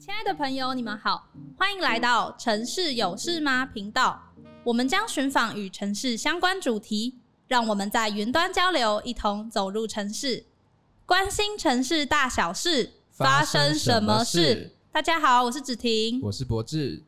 親愛的朋友，你們好，歡迎來到城市有事嗎頻道。我們將尋訪與城市相關主題，讓我們在雲端交流，一同走入城市，關心城市大小事，發生什麼事？發生什麼事？大家好，我是芷廷，我是柏智。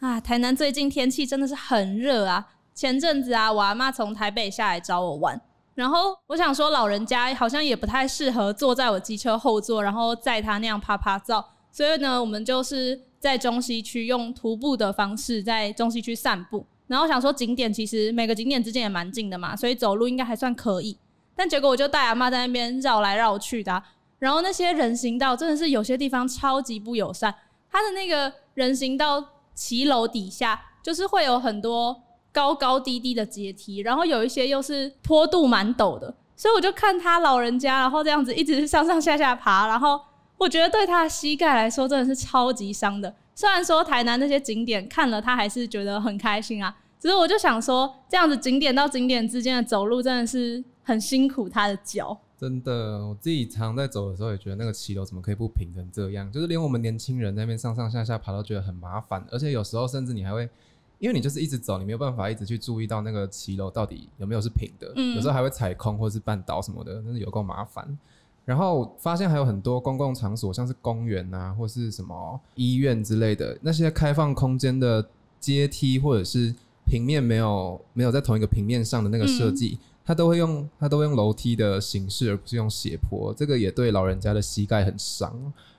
啊，台南最近天氣真的是很熱啊！前陣子啊，我阿媽從台北下來找我玩。然後我想說，老人家好像也不太適合坐在我機車後座，然後載他那樣趴趴走。所以呢，我們就是在中西區用徒步的方式在中西區散步。然後我想說，景點其實每個景點之間也蠻近的嘛，所以走路應該還算可以。但結果我就帶阿媽在那邊繞來繞去的、啊，然後那些人行道真的是有些地方超級不友善。它的那個人行道騎樓底下就是會有很多。高高低低的階梯，然後有一些又是坡度蠻陡的，所以我就看他老人家，然後這樣子一直是上上下下爬，然後我覺得對他的膝蓋來說真的是超級傷的。雖然說台南那些景點看了，他還是覺得很開心啊，只是我就想說，這樣子景點到景點之間的走路真的是很辛苦他的腳。真的，我自己常在走的時候也覺得那個騎樓怎麼可以不平成這樣，就是連我們年輕人在那邊上上下下爬都覺得很麻煩，而且有時候甚至你還會。因為你就是一直走，你沒有辦法一直去注意到那個騎樓到底有沒有是平的，嗯、有時候還會踩空或者是絆倒什麼的，那的有夠麻煩。然後發現還有很多公共場所，像是公園啊或是什麼醫院之類的，那些開放空間的階梯或者是平面沒有沒有在同一個平面上的那個設計，嗯，它都會用，它都用樓梯的形式，而不是用斜坡，這個也對老人家的膝蓋很傷。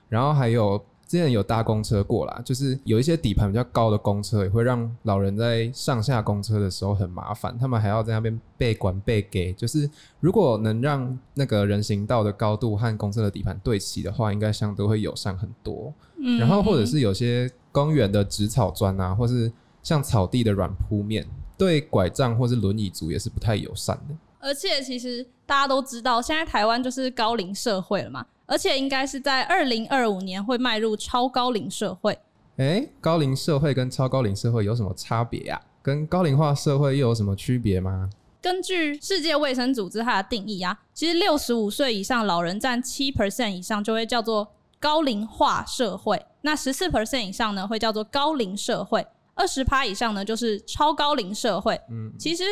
然後還有。之前有搭公車過啦，就是有一些底盤比較高的公車，也會讓老人在上下公車的時候很麻煩。他們還要在那邊被管被給，就是如果能讓那個人行道的高度和公車的底盤對齊的話，應該相對會友善很多。然後或者是有些公園的植草磚啊，或是像草地的軟鋪面，對拐杖或是輪椅族也是不太友善的。而且其實大家都知道，現在台灣就是高齡社會了嘛，而且應該是在二零二五年會邁入超高齡社會。哎、欸，高齡社會跟超高齡社會有什麼差別呀、啊？跟高齡化社會又有什麼區別嗎？根據世界衛生組織它的定義啊，其實六十五歲以上老人占七 percent 以上就會叫做高齡化社會，那十四 percent 以上呢會叫做高齡社會，二十趴以上呢就是超高齡社會。嗯，其實。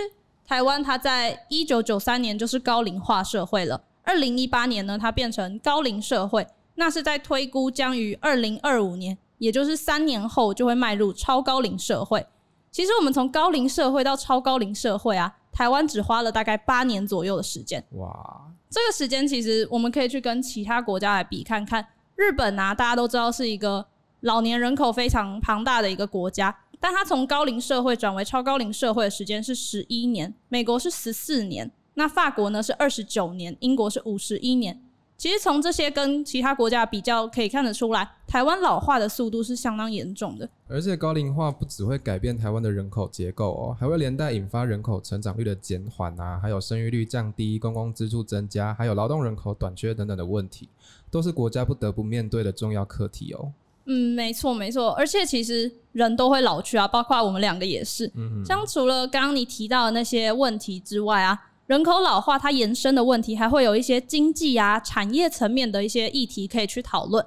台灣它在一九九三年就是高齡化社會了，二零一八年呢，它變成高齡社會。那是在推估將於二零二五年，也就是三年後就會邁入超高齡社會。其實我們從高齡社會到超高齡社會啊，台灣只花了大概八年左右的時間。哇，這個時間其實我們可以去跟其他國家來比看看。日本啊，大家都知道是一個老年人口非常龐大的一個國家。但它從高齡社會轉為超高齡社會的時間是十一年，美國是十四年，那法國呢是二十九年，英國是五十一年。其實從這些跟其他國家比較，可以看得出來，台灣老化的速度是相當嚴重的。而且高齡化不只會改變台灣的人口結構哦，還會連帶引發人口成長率的減緩啊，還有生育率降低、公共支出增加、還有勞動人口短缺等等的問題，都是國家不得不面對的重要課題哦。嗯，沒錯沒錯，而且其實人都會老去啊，包括我們兩個也是。嗯，像除了剛剛你提到的那些問題之外啊，人口老化它延伸的問題，還會有一些經濟啊、產業層面的一些議題可以去討論。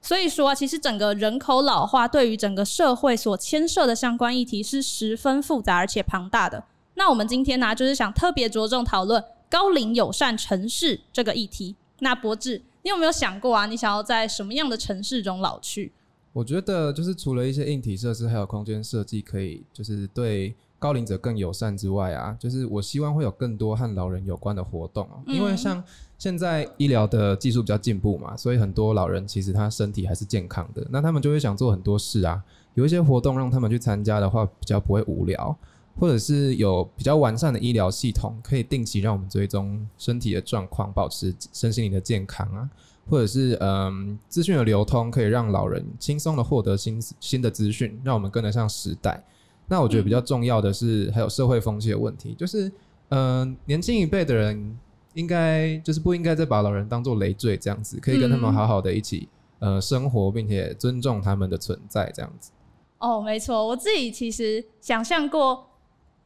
所以說啊，其實整個人口老化對於整個社會所牽涉的相關議題是十分複雜而且龐大的。那我們今天呢，啊，就是想特別着重討論高齡友善城市這個議題。那柏智，你有沒有想過啊？你想要在什麼樣的城市中老去？我覺得就是除了一些硬體設施，還有空間設計可以就是對高齡者更友善之外啊，就是我希望會有更多和老人有關的活動啊，因為像現在醫療的技術比較進步嘛，所以很多老人其實他身體還是健康的，那他們就會想做很多事啊。有一些活動讓他們去參加的話，比較不會無聊，或者是有比較完善的醫療系統，可以定期讓我們追蹤身體的狀況，保持身心靈的健康啊。或者是嗯，資訊的流通可以讓老人輕鬆的獲得新新的資訊，讓我們跟得上時代。那我覺得比較重要的是，嗯、還有社會風氣的問題，就是嗯，年輕一輩的人應該就是不應該再把老人當做累贅這樣子，可以跟他們好好的一起、嗯、呃生活，並且尊重他們的存在這樣子。哦，沒錯，我自己其實想象過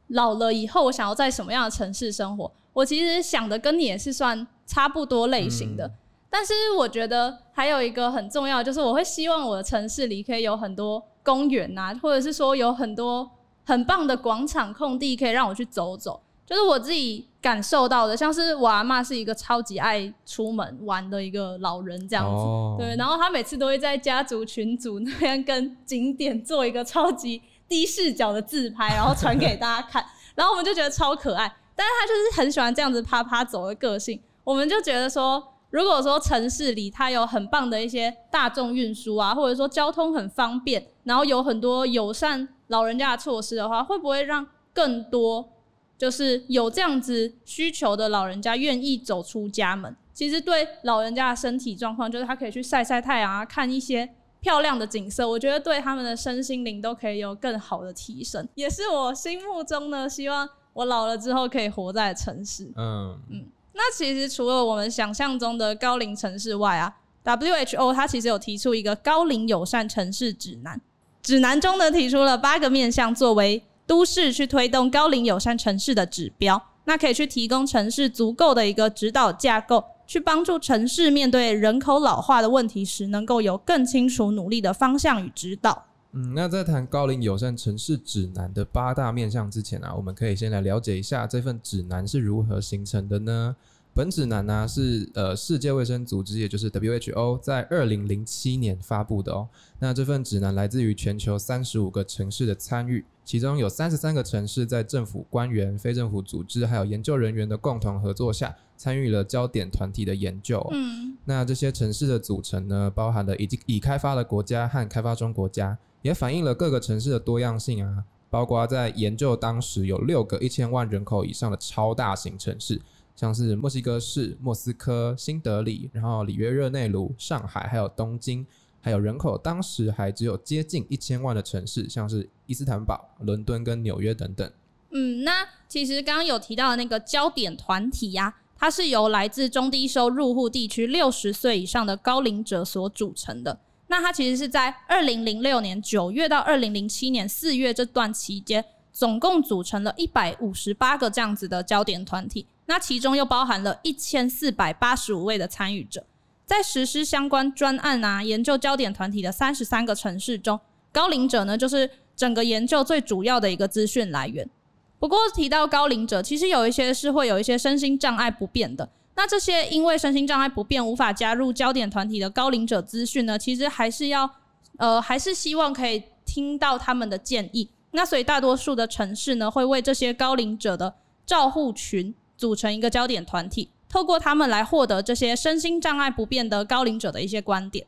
老了以後我想要在什麼樣的城市生活，我其實想的跟你也是算差不多類型的。嗯但是我覺得還有一個很重要，就是我會希望我的城市裡可以有很多公園吶、啊，或者是說有很多很棒的廣場空地，可以讓我去走走。就是我自己感受到的，像是我阿嬤是一個超級愛出門玩的一個老人這樣子，oh. 對。然後她每次都會在家族群組那邊跟景點做一個超級低視角的自拍，然後傳給大家看。 然後我們就覺得超可愛，但是她就是很喜歡這樣子趴趴走的個性，我們就覺得說。如果說城市裡它有很棒的一些大眾運輸啊，或者說交通很方便，然後有很多友善老人家的措施的話，會不會讓更多就是有這樣子需求的老人家願意走出家門？其實對老人家的身體狀況，就是他可以去曬曬太陽啊，看一些漂亮的景色，我覺得對他們的身心靈都可以有更好的提升，也是我心目中呢，希望我老了之後可以活在城市。嗯、um... 嗯。那其實除了我們想象中的高齡城市外啊，WHO 它其實有提出一個高齡友善城市指南，指南中呢提出了八個面向作為都市去推動高齡友善城市的指標，那可以去提供城市足夠的一個指導架構，去幫助城市面對人口老化的問題時，能夠有更清楚努力的方向與指導。嗯，那在談高齡友善城市指南的八大面向之前啊，我們可以先來了解一下這份指南是如何形成的呢？本指南呢，啊，是呃世界衛生組織，也就是 WHO 在二零零七年發布的哦。那這份指南來自於全球三十五個城市的參與，其中有三十三個城市在政府官員、非政府組織還有研究人員的共同合作下參與了焦點團體的研究哦。嗯，那這些城市的組成呢，包含了已經已開發的國家和開發中國家，也反映了各個城市的多樣性啊，包括在研究當時有六個一千萬人口以上的超大型城市，像是墨西哥市、莫斯科、新德里，然後里約熱內盧、上海，還有東京，還有人口當時還只有接近一千萬的城市，像是伊斯坦堡、倫敦跟紐約等等。嗯，那其實剛剛有提到的那個焦點團體呀、啊，它是由來自中低收入戶地區六十歲以上的高齡者所組成的。那它其實是在二零零六年九月到二零零七年四月這段期間，總共組成了一百五十八個這樣子的焦點團體，那其中又包含了一千四百八十五位的參與者。在實施相關專案啊、研究焦點團體的三十三個城市中，高齡者呢，就是整個研究最主要的一個資訊來源。不過提到高齡者，其實有一些是會有一些身心障礙不便的。那這些因為身心障礙不便無法加入焦點團體的高齡者資訊呢，其實還是要，呃，還是希望可以聽到他們的建議。那所以大多數的城市呢，會為這些高齡者的照護群組成一個焦點團體，透過他們來獲得這些身心障礙不便的高齡者的一些觀點。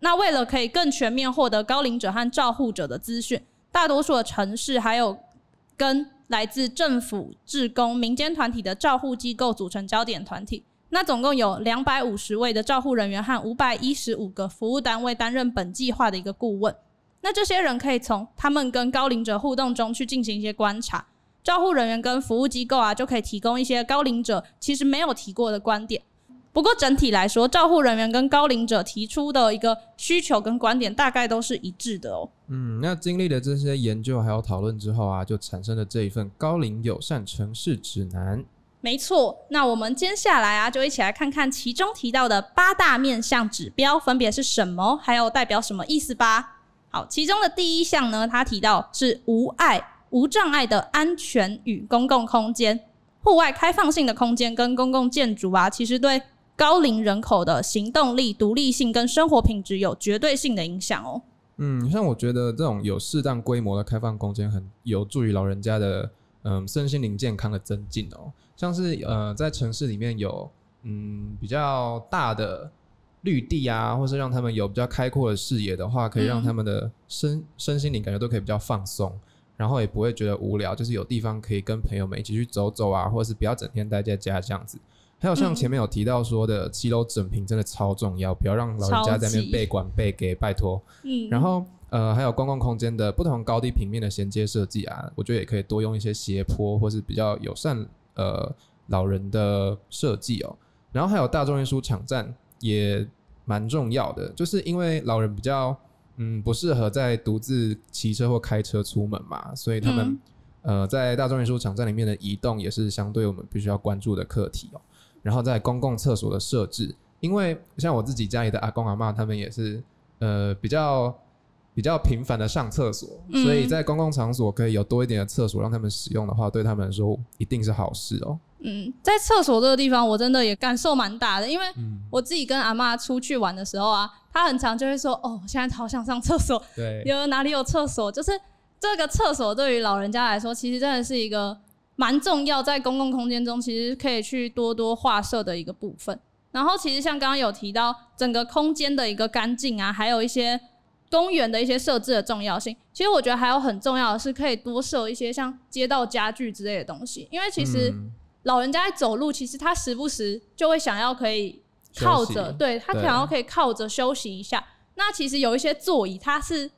那為了可以更全面獲得高齡者和照護者的資訊，大多數的城市還有跟來自政府、志工、民間團體的照護機構組成焦點團體，那總共有兩百五十位的照護人員和五百一十五個服務單位擔任本計劃的一個顧問。那這些人可以從他們跟高齡者互動中去進行一些觀察，照護人員跟服務機構啊，就可以提供一些高齡者其實沒有提過的觀點。不過整體來說，照護人員跟高齡者提出的一個需求跟觀點大概都是一致的哦、喔。嗯，那經歷了這些研究還有討論之後啊，就產生了這一份高齡友善城市指南。沒錯。那我們接下來啊，就一起來看看其中提到的八大面向指標分別是什麼，還有代表什麼意思吧。好，其中的第一項呢，它提到是無礙、無障礙的安全與公共空間。戶外開放性的空間跟公共建築啊，其實對高齡人口的行動力、獨立性跟生活品質有絕對性的影響哦。嗯，像我覺得這種有適當規模的開放空間，很有助於老人家的嗯身心靈健康的增進哦。像是呃在城市裡面有嗯比較大的綠地啊，或是讓他們有比較開闊的視野的話，可以讓他們的身、嗯、身心靈感覺都可以比較放鬆，然後也不會覺得無聊，就是有地方可以跟朋友們一起去走走啊，或是不要整天待在家這樣子。還有像前面有提到說的，騎樓整平真的超重要，不、嗯、要讓老人家在那邊被管被給拜托、嗯。然後呃，還有公共空間的不同高低平面的銜接設計啊，我覺得也可以多用一些斜坡或是比較友善呃老人的設計哦。然後還有大眾運輸場站也蠻重要的，就是因為老人比較嗯不適合在獨自騎車或開車出門嘛，所以他們、嗯、呃在大眾運輸場站裡面的移動也是相對我們必須要關注的課題哦、喔。然後在公共廁所的設置，因為像我自己家裡的阿公阿媽他們也是，呃，比較比較頻繁的上廁所，嗯，所以在公共場所可以有多一點的廁所讓他們使用的話，對他們來說一定是好事哦，喔。嗯，在廁所這個地方，我真的也感受蠻大的，因為我自己跟阿媽出去玩的時候啊，嗯，他很常就會說：“哦，現在好想上廁所。”對，有哪裡有廁所？就是這個廁所對於老人家來說，其實真的是一個。蠻重要，在公共空間中，其實可以去多多畫設的一個部分。然後，其實像剛剛有提到，整個空間的一個乾淨啊，還有一些公園的一些設置的重要性。其實我覺得還有很重要的是，可以多設一些像街道家具之類的東西，因為其實老人家在走路，其實他時不時就會想要可以靠着，對，他想要可以靠着休息一下。那其實有一些座椅，它是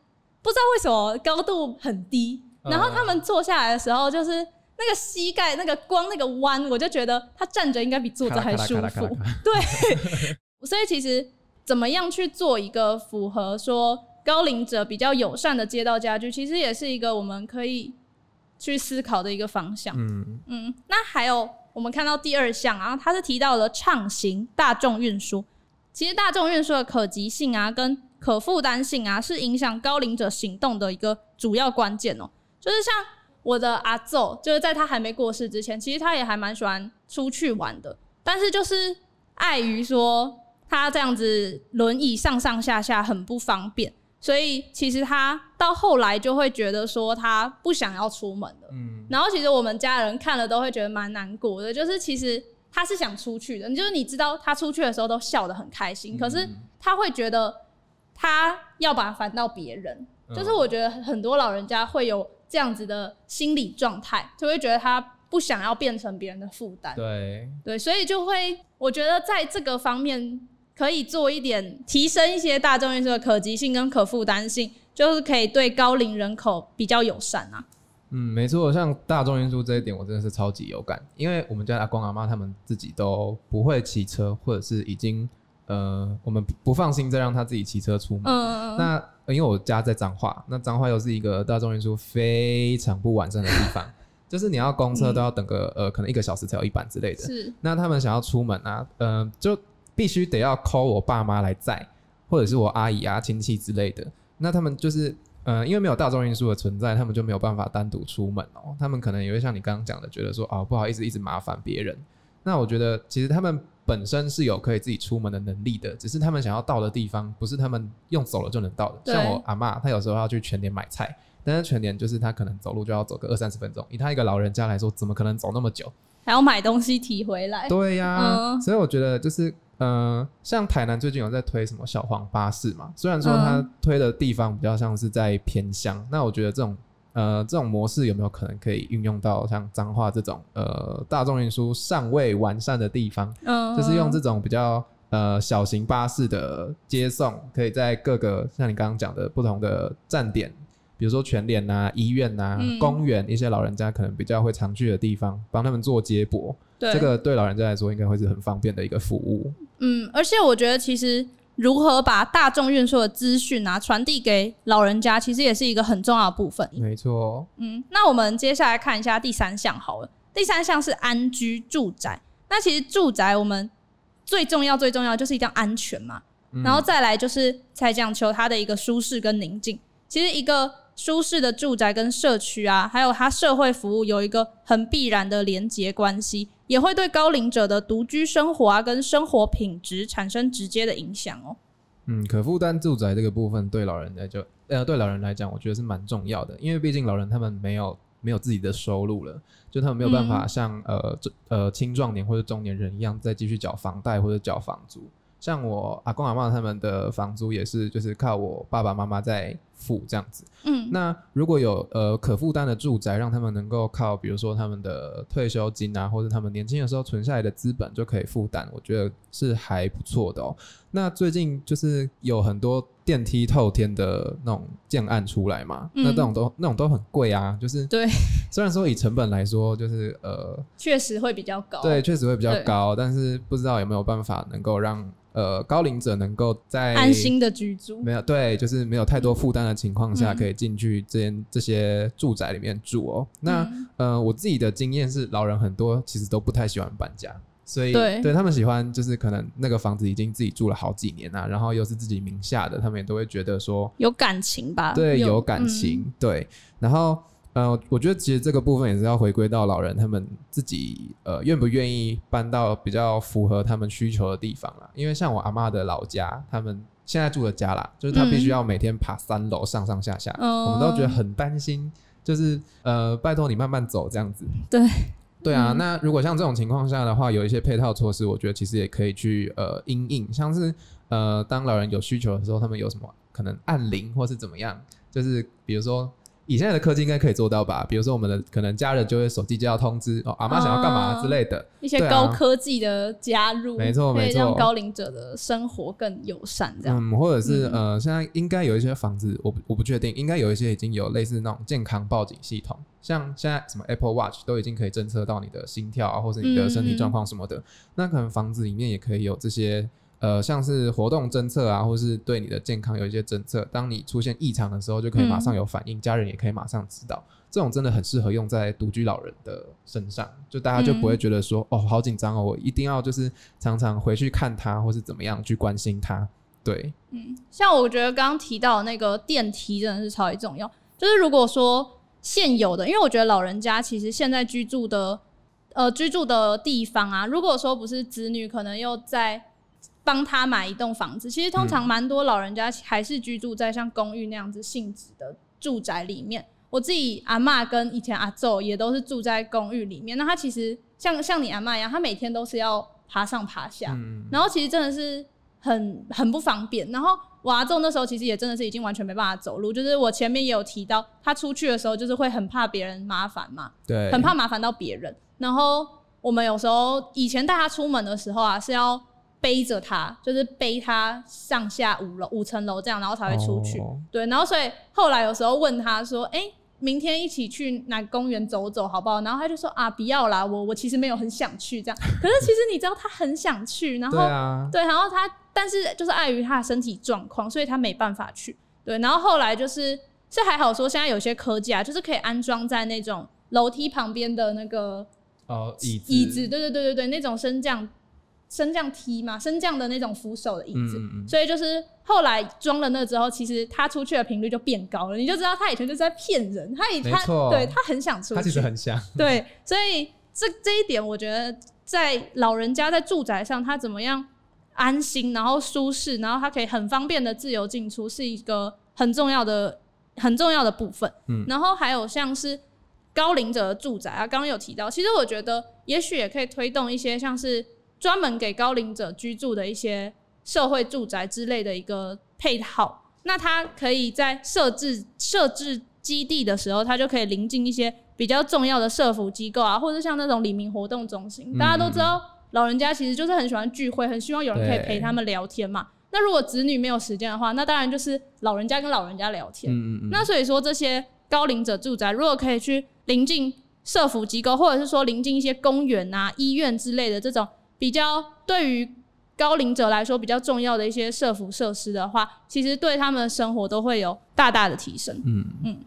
不知道為什麼高度很低，然後他們坐下來的時候就是。那個膝蓋那個光那個彎，我就覺得他站着應該比坐着還舒服。對， 所以其實怎麼樣去做一個符合說高齡者比較友善的街道家具，其實也是一個我們可以去思考的一個方向。嗯嗯。那還有我們看到第二項啊，它是提到了暢行大眾運輸。其實大眾運輸的可及性啊，跟可負擔性啊，是影響高齡者行動的一個主要關鍵哦、喔。就是像。我的阿祖就是在他還沒過世之前，其實他也還蠻喜歡出去玩的，但是就是礙於說他這樣子輪椅上上下下很不方便，所以其實他到後來就會覺得說他不想要出門了。嗯，然後其實我們家人看了都會覺得蠻難過的，就是其實他是想出去的，就是你知道他出去的時候都笑得很開心，可是他會覺得他要把他煩到別人、嗯，就是我覺得很多老人家會有。這樣子的心理狀態，就會覺得他不想要變成別人的負擔。對對，所以就會，我覺得在這個方面可以做一點提升，一些大眾運輸的可及性跟可負擔性，就是可以對高齡人口比較友善啊。嗯，沒錯，像大眾運輸這一點，我真的是超級有感，因為我們家阿公阿媽他們自己都不會騎車，或者是已經。呃，我們不放心再讓他自己騎車出門。Uh... 那因為我家在彰化，那彰化又是一個大眾運輸非常不完善的地方， 就是你要公車都要等個、嗯、呃，可能一個小時才有一班之類的。是。那他們想要出門啊，呃，就必須得要 call 我爸媽來載，或者是我阿姨啊親戚之類的。那他們就是呃，因為沒有大眾運輸的存在，他們就沒有辦法單獨出門哦、喔。他們可能也會像你剛剛講的，覺得說啊、哦，不好意思一直麻煩別人。那我覺得其實他們。本身是有可以自己出門的能力的，只是他們想要到的地方，不是他們用走了就能到的。像我阿嬤，她有時候要去全聯買菜，但是全聯就是他可能走路就要走個二三十分鐘，以他一個老人家來說，怎麼可能走那麼久？還要買東西提回來？對呀、啊嗯，所以我覺得就是嗯、呃，像台南最近有在推什麼小黃巴士嘛，雖然說他推的地方比較像是在偏鄉、嗯，那我覺得這種。呃，這種模式有沒有可能可以運用到像彰化這種呃大眾運輸尚未完善的地方？嗯、oh.，就是用這種比較呃小型巴士的接送，可以在各個像你剛剛講的不同的站點，比如說全聯吶、啊、醫院吶、啊嗯、公園一些老人家可能比較會常去的地方，幫他們做接駁。對，這個對老人家來說應該會是很方便的一個服務。嗯，而且我覺得其實。如何把大眾運輸的資訊啊傳遞給老人家，其實也是一個很重要的部分。沒錯，嗯，那我們接下來看一下第三項好了。第三項是安居住宅，那其實住宅我們最重要、最重要的就是一定要安全嘛，嗯、然後再來就是才講求它的一個舒適跟寧靜。其實一個。舒適的住宅跟社區啊，還有它社會服務有一個很必然的連結關係，也會對高齡者的獨居生活啊跟生活品質產生直接的影響哦、喔。嗯，可負擔住宅這個部分對老人來就呃對老人來講，我覺得是蠻重要的，因為畢竟老人他們沒有沒有自己的收入了，就他們沒有辦法像、嗯、呃呃青壯年或者中年人一樣再繼續繳房貸或者繳房租。像我阿公阿嬤他們的房租也是就是靠我爸爸媽媽在。負這樣子，嗯，那如果有呃可負擔的住宅，讓他們能夠靠，比如說他們的退休金啊，或者他們年輕的時候存下來的資本就可以負擔，我覺得是還不錯的哦。那最近就是有很多電梯透天的那種建案出來嘛，嗯，那這種都那種都很貴啊，就是對，雖然說以成本來說，就是呃，確實會比較高，對，確實會比較高，但是不知道有沒有辦法能夠讓呃高齡者能夠在安心的居住，沒有，對，就是沒有太多負擔。情況下可以進去這些這些住宅裡面住哦。嗯、那呃，我自己的經驗是，老人很多其實都不太喜歡搬家，所以對，對他們喜歡就是可能那個房子已經自己住了好幾年了，啊，然後又是自己名下的，他們也都會覺得說有感情吧。對，有，有感情、嗯。對，然後呃，我覺得其實這個部分也是要回歸到老人他們自己呃願不願意搬到比較符合他們需求的地方啦。因為像我阿嬤的老家，他們，現在住的家啦，就是他必須要每天爬三樓上上下下，嗯，我們都覺得很擔心。就是呃，拜託你慢慢走這樣子。對，對啊。嗯，那如果像這種情況下的話，有一些配套措施，我覺得其實也可以去呃因應，像是呃，當老人有需求的時候，他們有什麼可能按鈴或是怎麼樣，就是比如說。以現在的科技應該可以做到吧？比如說我們的可能家人就會手機接到通知哦，阿媽想要幹嘛之類的，啊，一些高科技的加入，沒錯、啊、沒錯，讓高齡者的生活更友善這樣。嗯，或者是呃，現在應該有一些房子，我不我不確定，應該有一些已經有類似那種健康報警系統，像現在什麼 Apple Watch 都已經可以偵測到你的心跳啊，或者你的身體狀況什麼的，嗯，那可能房子裡面也可以有這些。呃，像是活動偵測啊，或是對你的健康有一些偵測，當你出現異常的時候，就可以馬上有反應、嗯，家人也可以馬上知道。這種真的很適合用在獨居老人的身上，就大家就不會覺得說、嗯、哦，好緊張哦，我一定要就是常常回去看他，或是怎麼樣去關心他。對，嗯，像我覺得剛剛提到那個電梯真的是超級重要，就是如果說現有的，因為我覺得老人家其實現在居住的呃居住的地方啊，如果說不是子女可能又在。幫他買一棟房子，其實通常蠻多老人家還是居住在像公寓那樣子性質的住宅裡面。我自己阿媽跟以前阿祖也都是住在公寓裡面。那他其實像像你阿媽一樣，他每天都是要爬上爬下，嗯、然後其實真的是很很不方便。然後我阿祖那時候其實也真的是已經完全沒辦法走路，就是我前面也有提到，他出去的時候就是會很怕別人麻煩嘛，對，很怕麻煩到別人。然後我們有時候以前帶他出門的時候啊，是要。背着他，就是背他上下五樓、五層樓這樣，然後才會出去。Oh. 對，然後所以後來有時候問他說：“哎、欸，明天一起去哪個公園走走好不好？”然後他就說：“啊，不要啦，我我其實沒有很想去這樣。 ”可是其實你知道他很想去，然後對、啊、對然後他但是就是礙於他的身體狀況，所以他沒辦法去。對，然後後來就是，這還好說，現在有些科技啊，就是可以安裝在那種樓梯旁邊的那個哦椅椅子，對對對對對，那種升降。升降梯嘛，升降的那種扶手的椅子，嗯嗯，所以就是後來裝了那之後，其實他出去的頻率就變高了，你就知道他以前就是在騙人，他以他對他很想出去，他其實很想，對，所以這這一點我覺得在老人家在住宅上，他怎麼樣安心，然後舒適，然後他可以很方便的自由進出，是一個很重要的很重要的部分。嗯，然後還有像是高齡者的住宅啊，剛剛有提到，其實我覺得也許也可以推動一些像是。專門給高齡者居住的一些社會住宅之類的一個配套，那它可以在設置設置基地的時候，它就可以臨近一些比較重要的社福機構啊，或者像那種里民活動中心。大家都知道，老人家其實就是很喜歡聚會，很希望有人可以陪他們聊天嘛。那如果子女沒有時間的話，那當然就是老人家跟老人家聊天。嗯嗯嗯，那所以說，這些高齡者住宅如果可以去臨近社福機構，或者是說臨近一些公園啊、醫院之類的這種。比較對於高齡者來說比較重要的一些社福設施的話，其實對他們的生活都會有大大的提升。嗯嗯。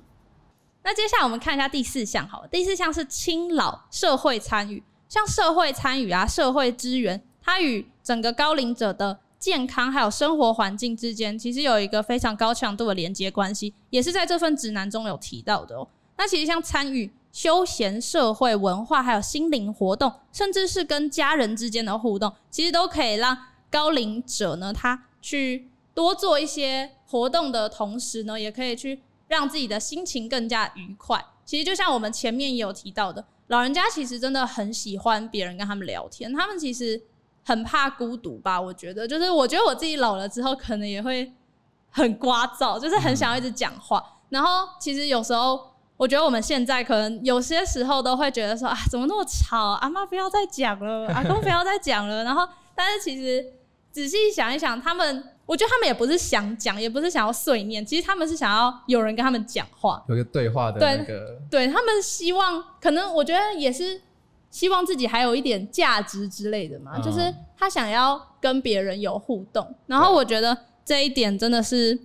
那接下來我們看一下第四項，好了，第四項是親老社會參與，像社會參與啊，社會資源，它與整個高齡者的健康還有生活環境之間，其實有一個非常高強度的連結關係，也是在這份指南中有提到的哦、喔。那其實像參與。休閒、社會文化，還有心靈活動，甚至是跟家人之間的互動，其實都可以讓高齡者呢，他去多做一些活動的同時呢，也可以去讓自己的心情更加愉快。其實就像我們前面也有提到的，老人家其實真的很喜歡別人跟他們聊天，他們其實很怕孤獨吧？我覺得，就是我覺得我自己老了之後，可能也會很聒噪，就是很想要一直講話、嗯。然後，其實有時候。我覺得我們現在可能有些時候都會覺得說啊，怎麼那麼吵，啊，阿媽不要再講了， 阿公不要再講了。然後，但是其實仔細想一想，他們，我覺得他們也不是想講，也不是想要碎念，其實他們是想要有人跟他們講話，有個對話的那個對。對，他們希望，可能我覺得也是希望自己還有一點價值之類的嘛，哦、就是他想要跟別人有互動。然後我覺得這一點真的是。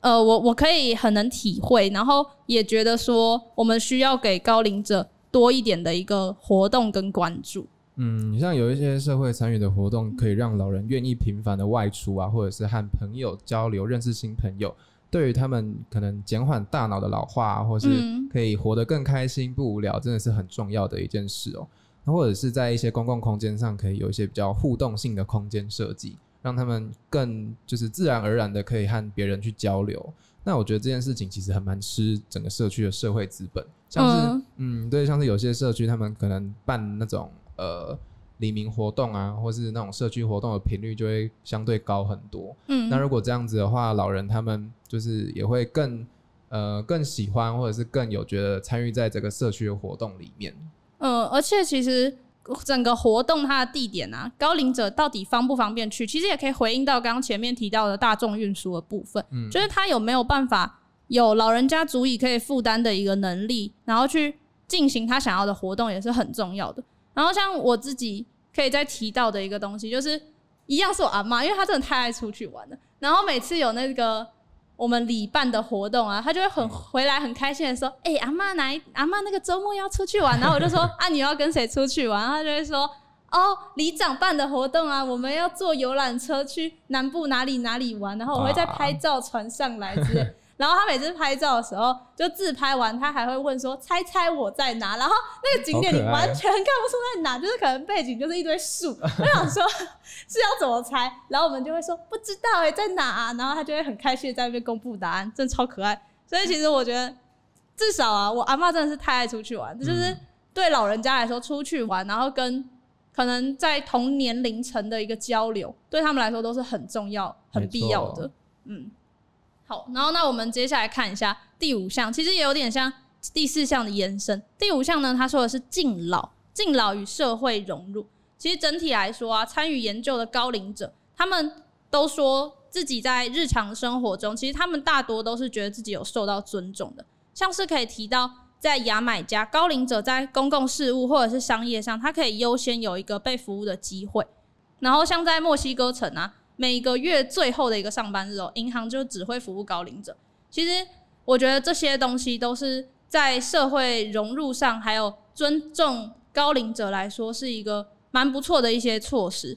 呃，我我可以很能體會，然後也覺得說，我們需要給高齡者多一點的一個活動跟關注。嗯，像有一些社會參與的活動，可以讓老人願意頻繁的外出啊，或者是和朋友交流、認識新朋友，對於他們可能減緩大腦的老化啊，或是可以活得更開心、不無聊，真的是很重要的一件事哦。那或者是在一些公共空間上，可以有一些比較互動性的空間設計。讓他們更就是自然而然的可以和別人去交流。那我覺得這件事情其實還蠻吃整個社區的社會資本，像是、哦、嗯，對，像是有些社區他們可能辦那種呃黎明活動啊，或是那種社區活動的頻率就會相對高很多。嗯，那如果這樣子的話，老人他們就是也會更呃更喜歡，或者是更有覺得參與在這個社區的活動裡面。呃、哦，而且其實。整個活動它的地點啊，高齡者到底方不方便去？其實也可以回應到剛剛前面提到的大眾運輸的部分。嗯，就是他有沒有辦法有老人家足以可以負擔的一個能力，然後去進行他想要的活動也是很重要的。然後像我自己可以再提到的一個東西，就是一樣是我阿媽，因為她真的太愛出去玩了，然後每次有那個。我們里辦的活動啊，他就會很回來很開心的說：“哎、欸，阿嬤來，阿嬤那個周末要出去玩。”然後我就說：“ 啊，你要跟誰出去玩？”然後他就會說：“哦，里長辦的活動啊，我們要坐遊覽車去南部哪裡哪裡玩。”然後我會再拍照傳上來之類。啊 然後他每次拍照的時候，就自拍完，他還會問說：“猜猜我在哪？”然後那個景點你完全看不出在哪，就是可能背景就是一堆樹。 我想說是要怎麼猜？然後我們就會說不知道誒、欸、在哪、啊？然後他就會很開心地在那邊公布答案，真的超可愛。所以其實我覺得，至少啊，我阿嬤真的是太愛出去玩、嗯，就是對老人家來說，出去玩然後跟可能在同年齡層的一個交流，對他們來說都是很重要、很必要的。嗯。好，然後那我們接下來看一下第五項，其實也有點像第四項的延伸。第五項呢，他說的是敬老、敬老與社會融入。其實整體來說啊，參與研究的高齡者，他們都說自己在日常生活中，其實他們大多都是覺得自己有受到尊重的。像是可以提到，在牙買加，高齡者在公共事務或者是商業上，他可以優先有一個被服務的機會。然後像在墨西哥城啊。每個月最後的一個上班日哦、喔，銀行就只會服務高齡者。其實我覺得這些東西都是在社會融入上，還有尊重高齡者來說，是一個蠻不錯的一些措施。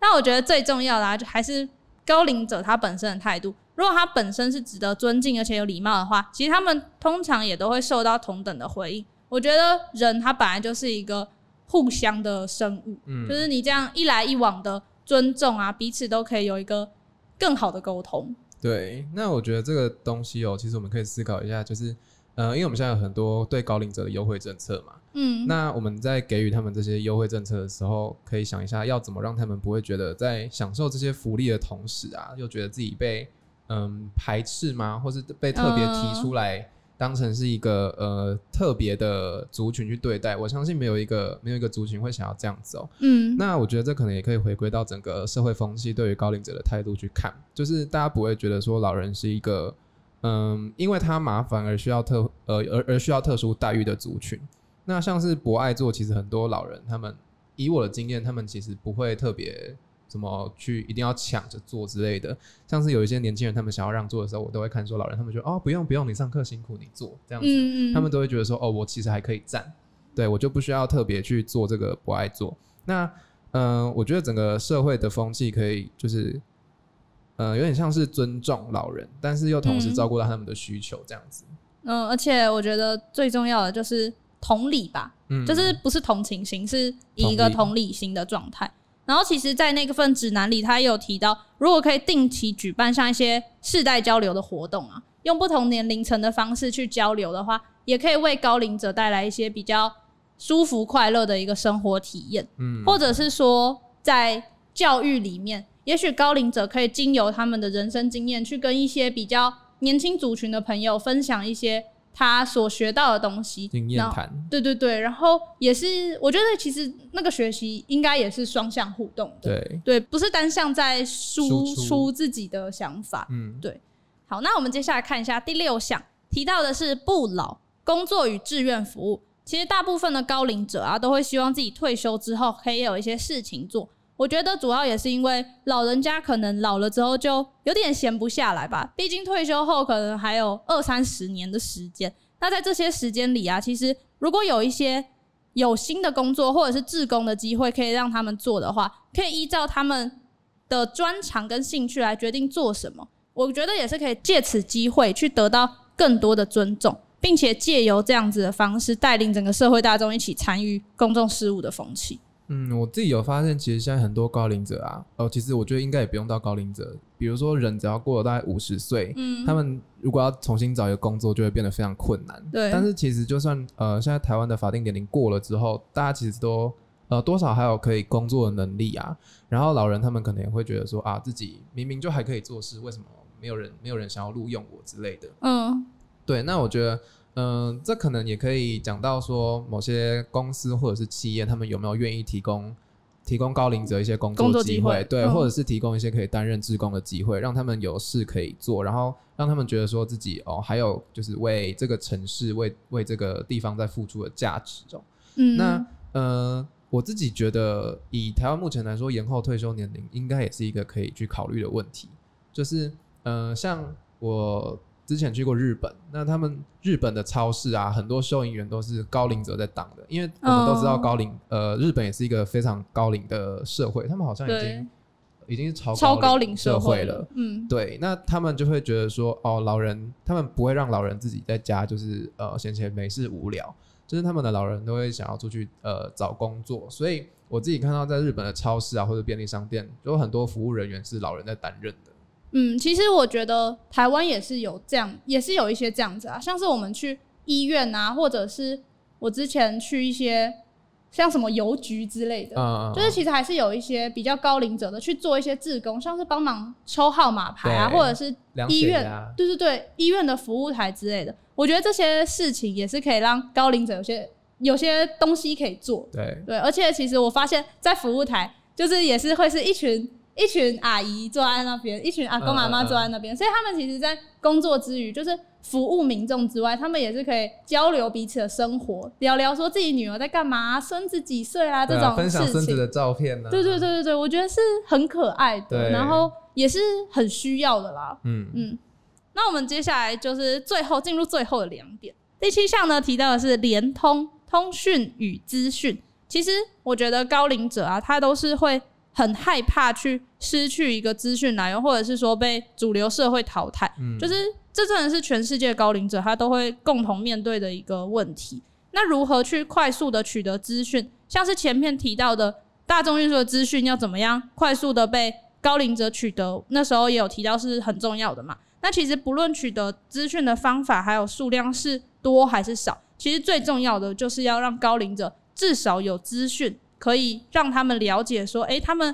那我覺得最重要的還是高齡者他本身的態度。如果他本身是值得尊敬而且有禮貌的話，其實他們通常也都會受到同等的回應。我覺得人他本來就是一個互相的生物，嗯、就是你這樣一來一往的。尊重啊，彼此都可以有一個更好的溝通。對，那我覺得這個東西哦，其實我們可以思考一下，就是呃，因為我們現在有很多對高齡者的優惠政策嘛，嗯，那我們在給予他們這些優惠政策的時候，可以想一下，要怎麼讓他們不會覺得在享受這些福利的同時啊，又覺得自己被嗯排斥嗎？或是被特別提出來。嗯。當成是一個呃特別的族群去對待，我相信沒有一個沒有一個族群會想要這樣子哦。嗯，那我覺得這可能也可以回歸到整個社會風氣對於高齡者的態度去看，就是大家不會覺得說老人是一個嗯，因為他麻煩而需要特呃而而需要特殊待遇的族群。那像是博愛座，其實很多老人他們以我的經驗，他們其實不會特別。怎麼去一定要搶着坐之類的，像是有一些年輕人，他們想要讓座的時候，我都會看說老人，他們就哦，不用不用，你上課辛苦，你坐這樣子。嗯，他們都會覺得說哦，我其實還可以站，對我就不需要特別去坐這個博愛座。那嗯、呃，我覺得整個社會的風氣可以就是，嗯、呃，有點像是尊重老人，但是又同時照顧到他們的需求這樣子。嗯，而且我覺得最重要的就是同理吧，嗯、就是不是同情心，是一個同理心的狀態。然後其實，在那個份指南裡，他也有提到，如果可以定期舉辦像一些世代交流的活動啊，用不同年齡層的方式去交流的話，也可以為高齡者帶來一些比較舒服快樂的一個生活體驗。嗯。或者是說，在教育裡面，也許高齡者可以經由他們的人生經驗，去跟一些比較年輕族群的朋友分享一些。他所學到的東西，經驗談，對對對，然後也是，我覺得其實那個學習應該也是雙向互動的，對，對，不是單向在輸出自己的想法，嗯，對。好，那我們接下來看一下第六項，提到的是不老，工作與志願服務。其實大部分的高齡者啊，都會希望自己退休之後可以有一些事情做。我覺得主要也是因為老人家可能老了之後就有點閒不下來吧。畢竟退休後可能還有二三十年的時間，那在這些時間裡啊，其實如果有一些有新的工作或者是志工的機會可以讓他們做的話，可以依照他們的專長跟興趣來決定做什麼。我覺得也是可以借此機會去得到更多的尊重，並且借由這樣子的方式帶領整個社會大眾一起參與公眾事務的風氣。嗯，我自己有發現，其實現在很多高齡者啊，哦、呃，其實我覺得應該也不用到高齡者，比如說人只要過了大概五十歲，嗯，他們如果要重新找一個工作，就會變得非常困難。對，但是其實就算呃，現在台灣的法定年齡過了之後，大家其實都呃多少還有可以工作的能力啊。然後老人他們可能也會覺得說啊，自己明明就還可以做事，為什麼沒有人沒有人想要錄用我之類的？嗯、哦，對，那我覺得。嗯、呃，這可能也可以講到說，某些公司或者是企業，他們有沒有願意提供提供高齡者一些工作機會，會，對、哦，或者是提供一些可以擔任志工的機會，讓他們有事可以做，然後讓他們覺得說自己哦，還有就是為這個城市、為為這個地方在付出的價值哦。嗯，嗯，那呃，我自己覺得，以台灣目前來說，延後退休年齡應該也是一個可以去考慮的問題。就是呃，像我。之前去過日本，那他們日本的超市啊，很多收銀員都是高齡者在當的，因為我們都知道高齡，oh, 呃，日本也是一個非常高齡的社會，他們好像已經已經是超超高齡社會了，嗯，對，那他們就會覺得說，哦，老人，他們不會讓老人自己在家，就是呃，閒閒沒事無聊，就是他們的老人都會想要出去呃找工作，所以我自己看到在日本的超市啊，或者便利商店，有很多服務人員是老人在擔任的。嗯，其實我覺得台灣也是有這樣，也是有一些這樣子啊，像是我們去醫院啊，或者是我之前去一些像什麼郵局之類的，嗯，就是其實還是有一些比較高齡者的去做一些志工，像是幫忙抽號碼牌啊，或者是醫院，對對、啊就是、對，醫院的服務台之類的，我覺得這些事情也是可以讓高齡者有些有些東西可以做，對對，而且其實我發現在服務台就是也是會是一群。一群阿姨坐在那邊，一群阿公阿嬤坐在那邊、嗯，所以他們其實，在工作之餘，就是服務民眾之外，他們也是可以交流彼此的生活，聊聊說自己女兒在幹嘛、啊，孫子幾歲啊，啊，這種事情分享孫子的照片對、啊、對對對對，我覺得是很可愛的，對然後也是很需要的啦。嗯嗯，那我們接下來就是最後進入最後的兩點，第七項呢提到的是連通通訊與資訊。其實我覺得高齡者啊，他都是會。很害怕去失去一個資訊來源，或者是說被主流社會淘汰，嗯、就是這真的是全世界的高齡者他都會共同面對的一個問題。那如何去快速的取得資訊？像是前面提到的大眾運輸的資訊要怎麼樣快速的被高齡者取得？那時候也有提到是很重要的嘛。那其實不論取得資訊的方法還有數量是多還是少，其實最重要的就是要讓高齡者至少有資訊。可以讓他們了解說，哎、欸，他們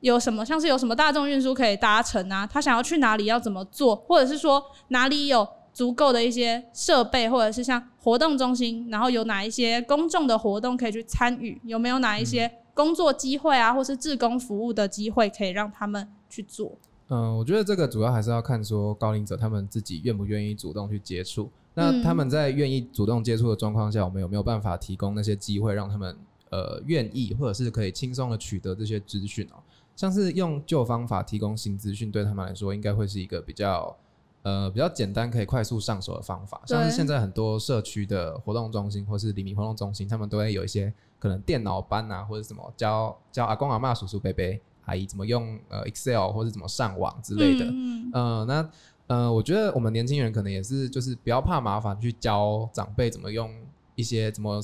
有什麼，像是有什麼大眾運輸可以搭乘啊？他想要去哪裡，要怎麼做？或者是說哪裡有足夠的一些設備，或者是像活動中心，然後有哪一些公眾的活動可以去參與？有沒有哪一些工作機會啊、嗯，或是志工服務的機會，可以讓他們去做。嗯、呃，我覺得這個主要還是要看說高齡者他們自己願不願意主動去接觸。那他們在願意主動接觸的狀況下、嗯，我們有沒有辦法提供那些機會讓他們？呃，願意或者是可以輕鬆的取得這些資訊哦，像是用舊方法提供新資訊，對他們來說應該會是一個比較呃比較簡單可以快速上手的方法。像是現在很多社區的活動中心或是鄰里活動中心，他們都會有一些可能電腦班啊，或者什麼教教阿公阿媽、叔叔伯伯、阿姨怎麼用呃 Excel 或是怎麼上網之類的。嗯，呃那呃，我覺得我們年輕人可能也是，就是不要怕麻煩，去教長輩怎麼用一些怎麼。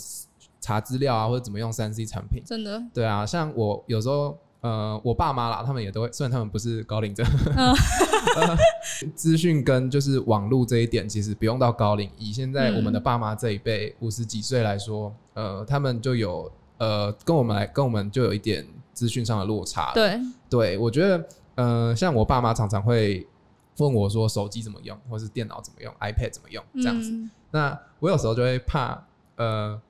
查資料啊，或者怎麼用三 C 產品？真的？對啊，像我有時候，呃，我爸媽啦，他們也都會，雖然他們不是高齡者，嗯、、 呃、資訊跟就是網絡這一點，其實不用到高齡。以現在我們的爸媽這一輩五十幾歲來說，呃，他們就有呃，跟我們來跟我們就有一點資訊上的落差了。對，對，我覺得，呃，像我爸媽常常會問我說手機怎麼用，或是電腦怎麼用，iPad 怎麼用這樣子、嗯。那我有時候就會怕，呃。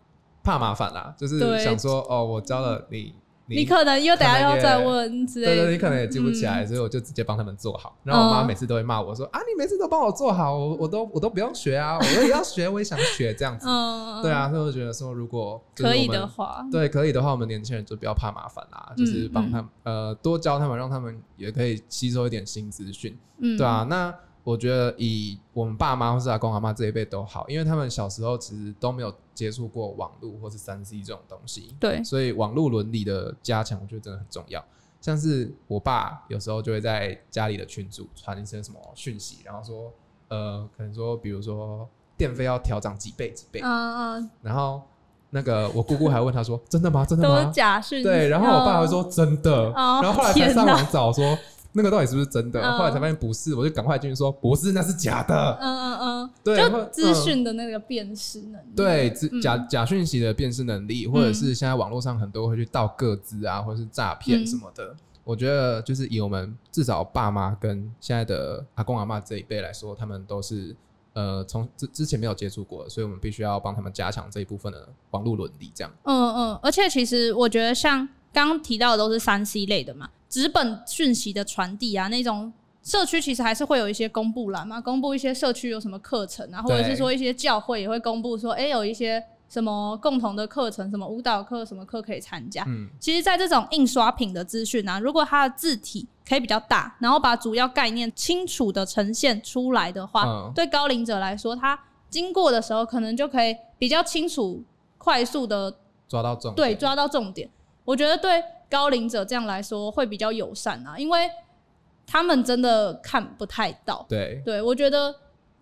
怕麻煩啦，就是想說哦，我教了、嗯、你，你可能又等下又要再問，對,對對，你可能也記不起來，嗯、所以我就直接幫他們做好。然後我媽每次都會罵我說、嗯、啊，你每次都幫我做好，我我都我都不用學啊，我也要學， 我也想學這樣子、嗯，對啊，所以我覺得說如果可以的話，對，可以的話，我們年輕人就不要怕麻煩啦，就是幫他們、嗯、呃多教他們，讓他們也可以吸收一點新資訊、嗯，對啊，那。我覺得以我們爸媽或者阿公阿媽這一輩都好，因為他們小時候其實都沒有接觸過網絡或是三 C 這種東西，對，嗯、所以網絡倫理的加強，我覺得真的很重要。像是我爸有時候就會在家裡的群組傳一些什麼訊息，然後說，呃，可能說，比如說電費要調漲幾倍幾倍嗯。Uh, uh, 然後那個我姑姑還問他說：“ uh, 真的嗎？真的嗎？”都是假訊息對，然後我爸還會說：“真的。Uh, ”然後後來才上網找說。Uh, 那個到底是不是真的？Uh, 後來才發現不是，我就趕快進去說不是，那是假的。嗯嗯嗯，對，就資訊的那個辨識能力、嗯，對，假、嗯、假訊息的辨識能力，或者是現在網絡上很多會去盜個資啊，或者是詐騙什麼的、嗯。我覺得就是以我們至少爸媽跟現在的阿公阿媽這一輩來說，他們都是呃從之之前沒有接觸過，所以我們必須要幫他們加強這一部分的網絡倫理，這樣。嗯嗯，而且其實我覺得像剛提到的都是三 C 類的嘛。紙本訊息的傳遞啊，那種社區其實還是會有一些公布欄嘛，公布一些社區有什麼課程啊，或者是說一些教會也會公布說，哎、欸，有一些什麼共同的課程，什麼舞蹈課，什麼課可以參加、嗯。其實，在這種印刷品的資訊啊，如果它的字體可以比較大，然後把主要概念清楚地呈現出來的話，嗯、對高齡者來說，他經過的時候可能就可以比較清楚、快速的抓到重點，對，抓到重點。我覺得對。高齡者這樣來說會比較友善啊，因為他們真的看不太到。對對，我覺得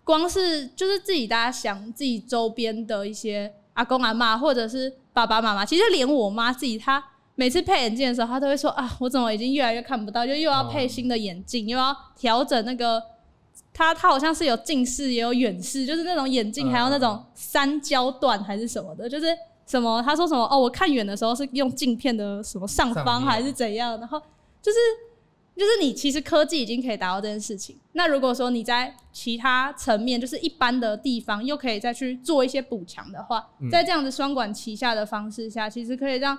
光是就是自己，大家想自己周邊的一些阿公阿嬤，或者是爸爸媽媽，其實連我媽自己，她每次配眼鏡的時候，她都會說啊，我怎麼已經越來越看不到，就又要配新的眼鏡，又要調整那個。她她好像是有近視也有遠視，就是那種眼鏡，還有那種三焦段還是什麼的，就是。什麼？他說什麼？哦，我看遠的時候是用鏡片的什麼上方還是怎樣？啊、然後就是就是你其實科技已經可以達到這件事情。那如果說你在其他層面，就是一般的地方，又可以再去做一些補強的話，在這樣子雙管齊下的方式下，嗯，其實可以讓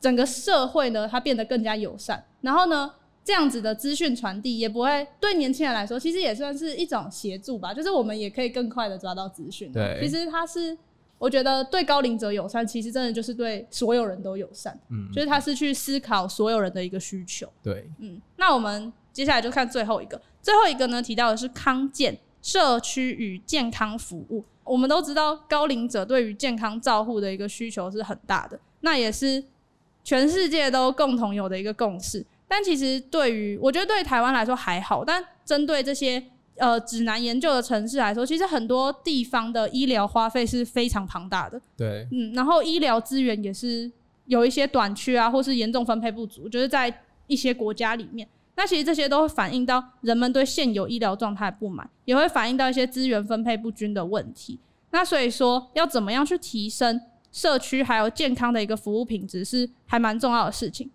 整個社會呢它變得更加友善。然後呢，這樣子的資訊傳遞也不會對年輕人來說，其實也算是一種協助吧。就是我們也可以更快的抓到資訊。對，其實它是。我覺得對高齡者友善，其實真的就是對所有人都友善，嗯，就是他是去思考所有人的一個需求，對，嗯。那我們接下來就看最後一個，最後一個呢提到的是康健社區與健康服務。我們都知道高齡者對於健康照護的一個需求是很大的，那也是全世界都共同有的一個共識。但其實對於我覺得對台灣來說還好，但針對這些。呃，指南研究的城市來說，其實很多地方的醫療花費是非常龐大的。對，嗯，然後醫療資源也是有一些短缺啊，或是嚴重分配不足，就是在一些國家裡面。那其實這些都會反映到人們對現有醫療狀態不滿，也會反映到一些資源分配不均的問題。那所以說，要怎麼樣去提升社區還有健康的一個服務品質，是還蠻重要的事情。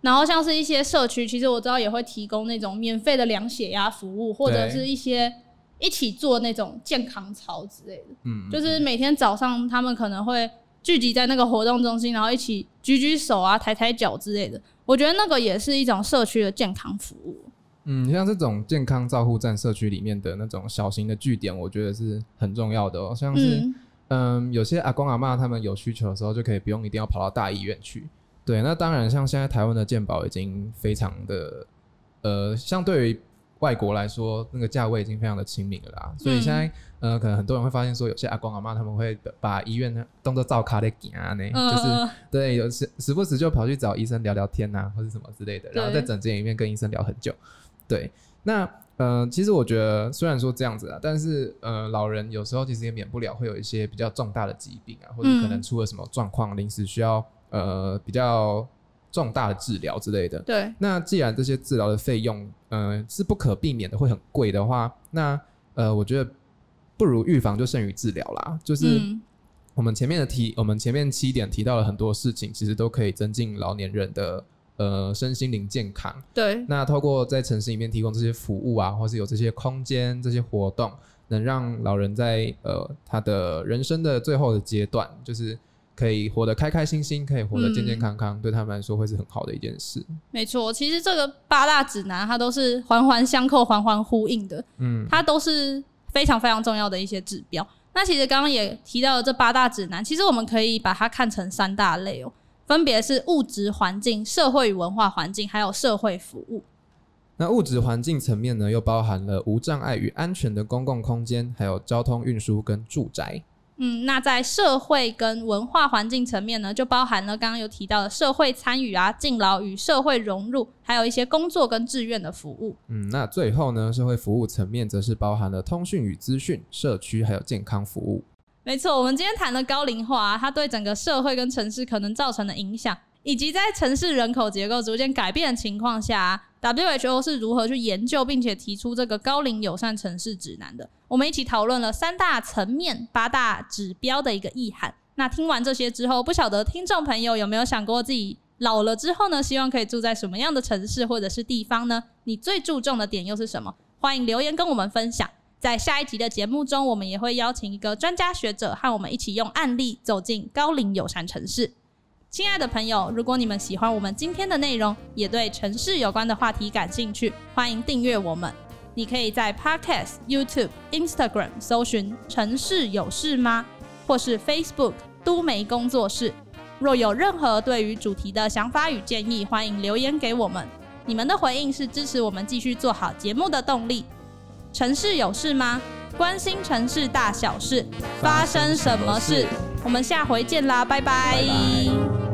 然後像是一些社區，其實我知道也會提供那種免費的量血壓服務，或者是一些一起做那種健康操之類的。嗯，就是每天早上他們可能會聚集在那個活動中心，然後一起舉舉手啊、抬抬腳之類的。我覺得那個也是一種社區的健康服務。嗯，像這種健康照護站、社區裡面的那種小型的據點，我覺得是很重要的哦。像是嗯，嗯，有些阿公阿媽他們有需求的時候，就可以不用一定要跑到大醫院去。對，那當然，像現在台灣的健保已經非常的，呃，相對於外國來說，那個價位已經非常的親民了啦，嗯。所以現在，呃，可能很多人會發現說，有些阿公阿嬤他們會把醫院當做灶咖在行呢，呃，就是對，有時時不時就跑去找醫生聊聊天啊，或是什麼之類的，然後在診間裡面跟醫生聊很久。對，那呃，其實我覺得雖然說這樣子啊，但是呃，老人有時候其實也免不了會有一些比較重大的疾病啊，或者可能出了什麼狀況，嗯，臨時需要。呃，比較重大的治療之類的。對。那既然這些治療的費用，呃，是不可避免的，會很貴的話，那呃，我覺得不如預防就勝於治療啦。就是我們前面的提、嗯，我們前面七點提到了很多事情，其實都可以增進老年人的呃身心靈健康。對。那透過在城市裡面提供這些服務啊，或是有這些空間、這些活動，能讓老人在呃他的人生的最後的階段，就是。可以活得開開心心，可以活得健健康康，嗯，對他們來說會是很好的一件事。沒錯，其實這個八大指南它都是環環相扣、環環呼應的。嗯，它都是非常非常重要的一些指標。那其實剛剛也提到了這八大指南，其實我們可以把它看成三大類哦，分別是物質環境、社會與文化環境，還有社會服務。那物質環境層面呢，又包含了無障礙與安全的公共空間，還有交通運輸跟住宅。嗯，那在社會跟文化環境層面呢，就包含了剛剛有提到的社會參與啊、敬老與社會融入，還有一些工作跟志願的服務。嗯，那最後呢，社會服務層面則是包含了通訊與資訊、社區還有健康服務。沒錯，我們今天談了高齡化，啊，它對整個社會跟城市可能造成的影響。以及在城市人口結構逐漸改變的情況下，WHO 是如何去研究並且提出這個高齡友善城市指南的？我們一起討論了三大層面、八大指標的一個意涵。那聽完這些之後，不曉得聽眾朋友有沒有想過自己老了之後呢，希望可以住在什麼樣的城市或者是地方呢？你最注重的點又是什麼？歡迎留言跟我們分享。在下一集的節目中，我們也會邀請一個專家學者和我們一起用案例走進高齡友善城市。親愛的朋友，如果你們喜歡我們今天的內容，也對城市有關的話題感興趣，歡迎訂閱我們。你可以在 Podcast、YouTube、Instagram 搜尋“城市有事嗎”，或是 Facebook、都媒工作室。若有任何對於主題的想法與建議，歡迎留言給我們。你們的回應是支持我們繼續做好節目的動力。城市有事嗎？關心城市大小事,事,事,事，發生什麼事？我們下回見啦，拜拜。拜拜